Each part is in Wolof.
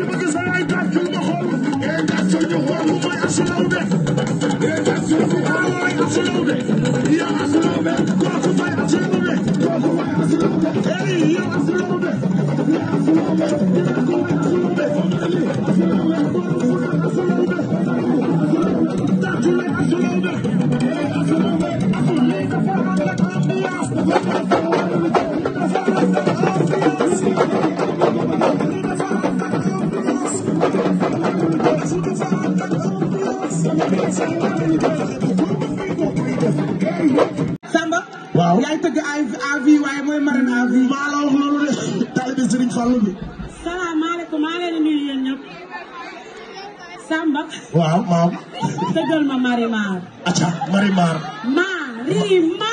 dama gis ay tàccu ma xool ay tàccu ñu xool mu may asulaw de waaw maam. dëggal ma Marimar. acca Marimar. Marimar.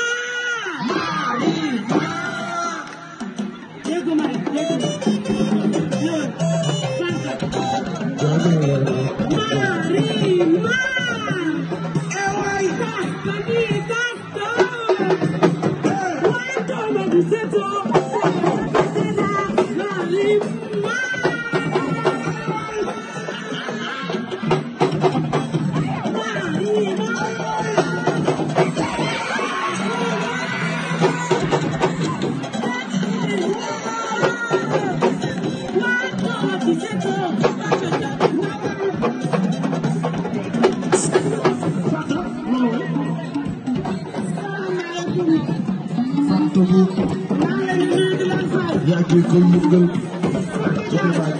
Marimar. Tëngéej yaa ngi koy yëngal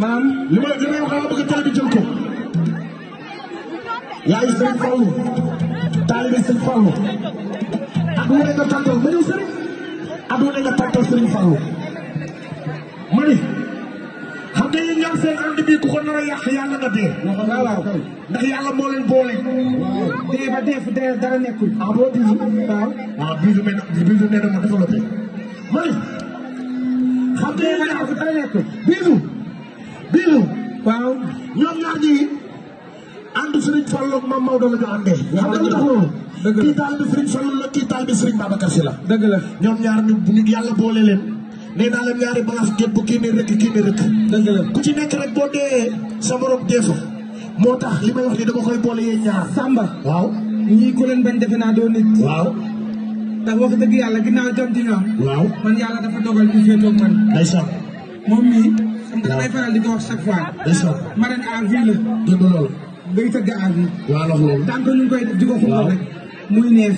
maam li ma li may wax xanaa bëgg taalibe jël ko. yaayu Serigne Fallou taalibe Serigne Fallou at nga tàggal ma ñëw Serigne at nga tàggal Serigne Fallou ma xam nga yéen ñaar seen ànd bi ku ko nar a yàq yàlla nga dee. waaw ndax yàlla moo boole. waaw ba dee fu dee dara nekkul. ah boo bisu. waaw waaw ah, bisu mel xam nga yéen ñaar fu dara nekkul bisu. waaw ñoom ñaar ñii ànd Serigne Fallou ak Mame Maodo la ñu àndee. waaw dëgg la xam nga lu tax loolu. kii taal bi Serigne Fallou la kii taal bi Serigne Babacar Sy la. dëgg la ñoom ñaar ñu ñu yàlla boole leen. nee naa leen ñaari balance gépp bu kii nii rëkk kii nii rëkk. dëgg la ku ci nekk rek boo dee sa morom dee fa. moo tax li may wax nii dama koy boole yee ñaar. Samba waaw. ñii ku leen bañ defe naa doo nit. waaw. ndax wax dëgg yàlla ginnaaw jant ñoom. waaw man yàlla dafa dogal ñu féetoo man. ndeysaan moom mii. damay faral di ko wax chaque fois. marraine à vie la. dëgg loolu. day tëgg à vie. waaw loolu loolu. tant que ñu ngi koy di ko xumbal rek. muy neex.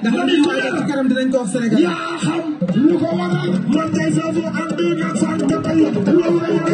ndax lan moo nekk ci kanam dinañ ko wax Sénégal. yaa xam lu ko waral man day saa su àndee nga sànq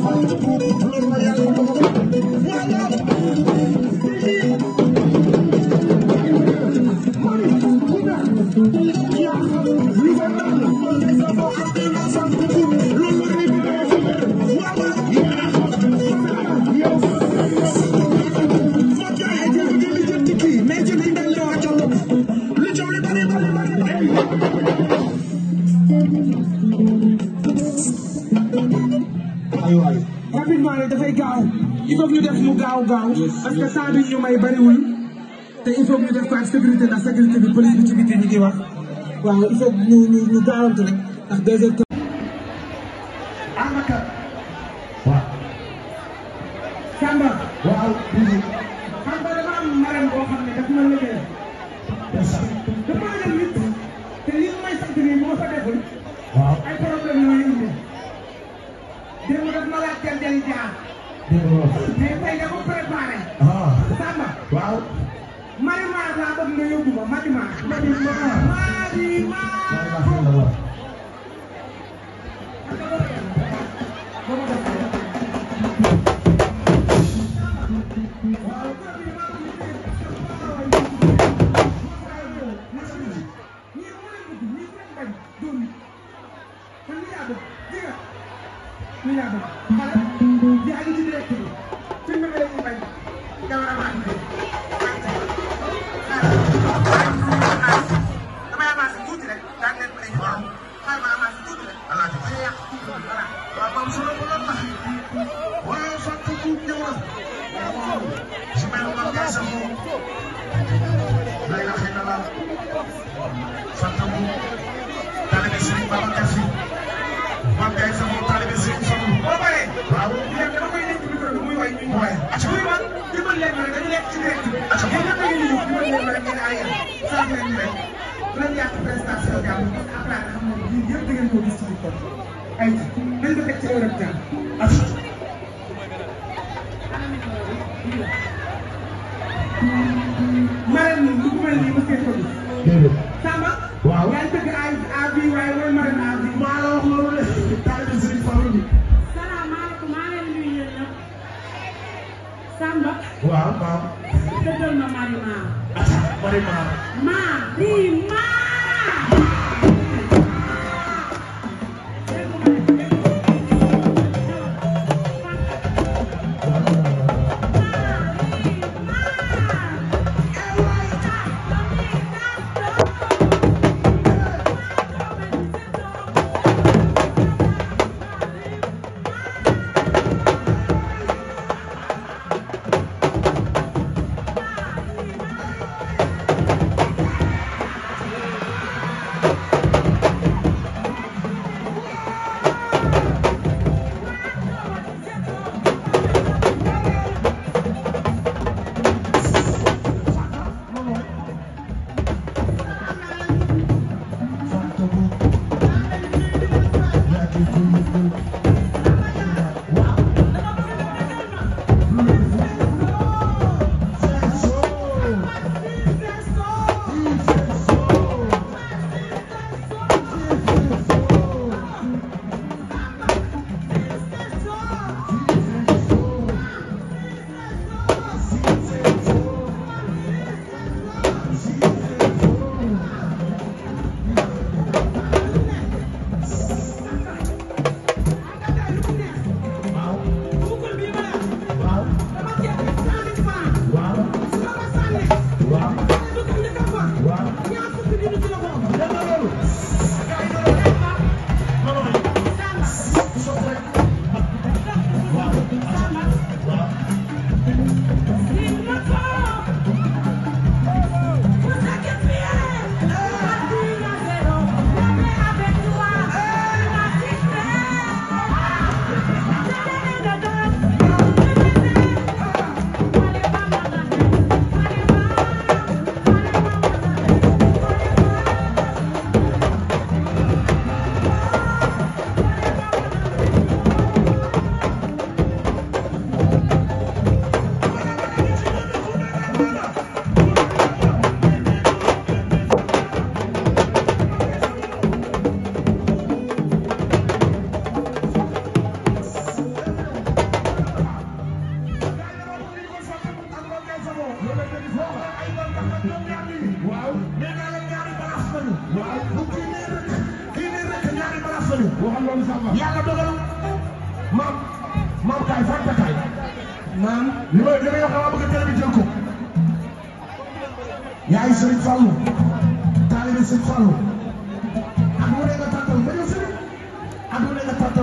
police bi ci biti ñu ngi wax waaw il faut ñu ñu ñu gaawantu rek ndax deux heures Fantamu, Dalai Sri Babacar Si, Mame Gaye mooy at bi man li ma leen mën dañu nekk ci direct bi. yéen ñëpp da ngeen di ñëw li ma leen mën ngeen ay saa leen ñu rek bu leen yàq président Sénégal bi parce que après xam nga yéen ñëpp da ngeen ko gis ci biir kott. ay ci nañ ko teg ci Europe jàmm at. Thank you.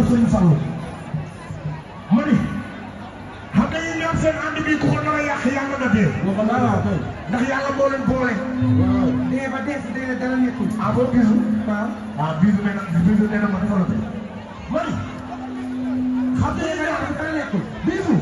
sëñ Fallou ma ni xam nga yéen ñaar seen ànd bi ku ko nar a yàq yàlla na dee. ndax yàlla moo leen boole. dee ba dee si dee dara nekkul. ah bon bisu. waaw ah. ah, waaw bisu nee na bisu nee na ma defal la. ma ni xam nga yéen ñaar dara nekkul bisu.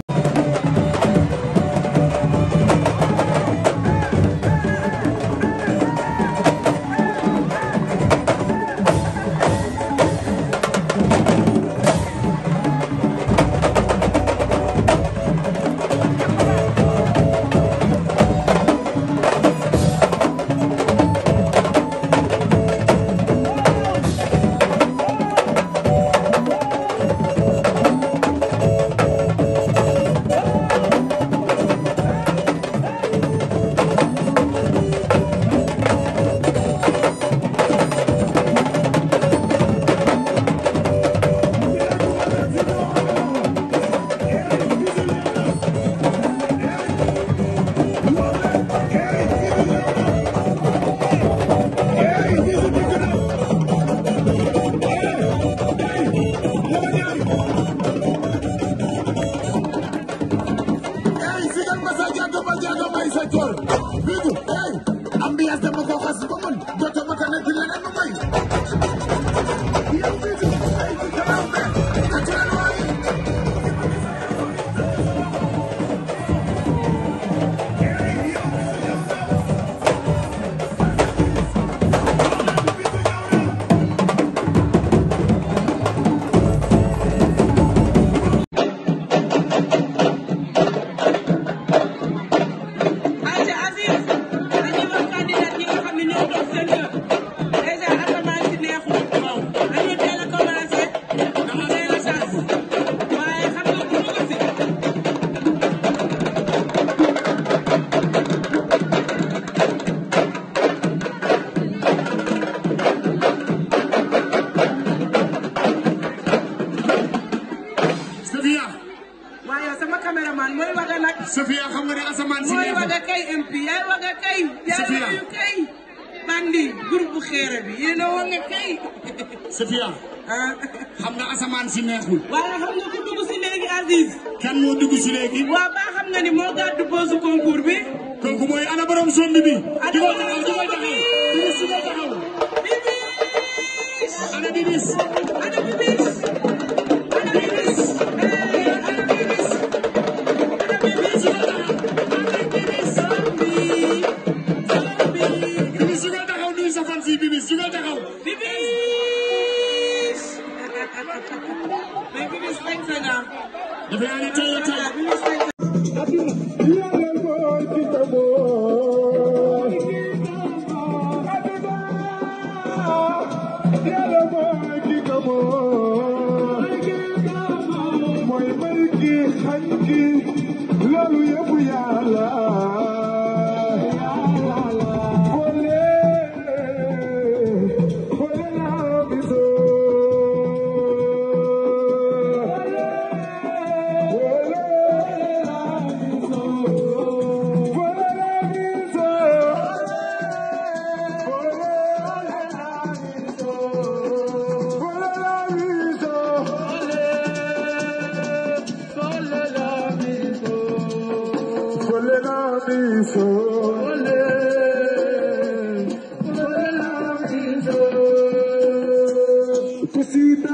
kay Safia bu xeere bi a woon nga kay Safia ah. xam nga asamaan si neexul waaye xam nga ku dugg si léegi Aziz kan moo dugg si léegi waaw ba xam nga ni moo gàddu boosu concours bi kooku mooy ana borom sombi bi di ko taxaw di ko taxaw di ko taxaw ana bibis ana bibis sangi sangi loolu yëpp yàlla kusida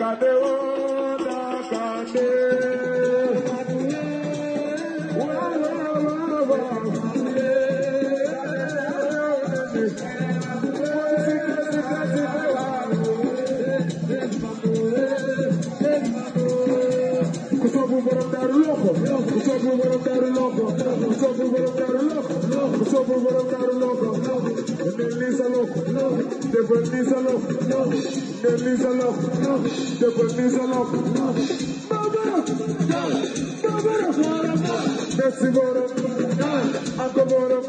Dakande o Dakande. Ku soobu borom daaru loxo ku soobu borom daaru loxo ku soobu borom daaru loxo ku soobu borom daaru loxo Dëbbal nii sa lox dëbbal nii sa lox dëbbal nii sa lox Babara Babara Merci borom ak borom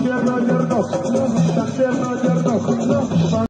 Pierno Yernos, San Pierno Yernos, San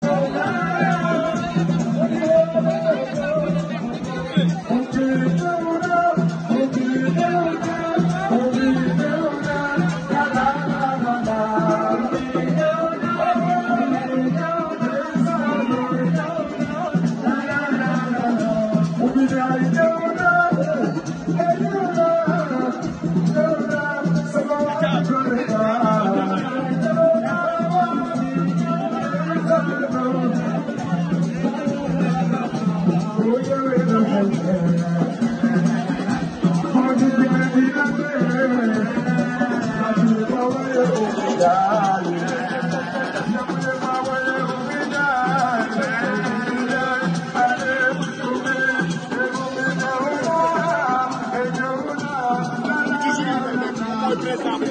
I'm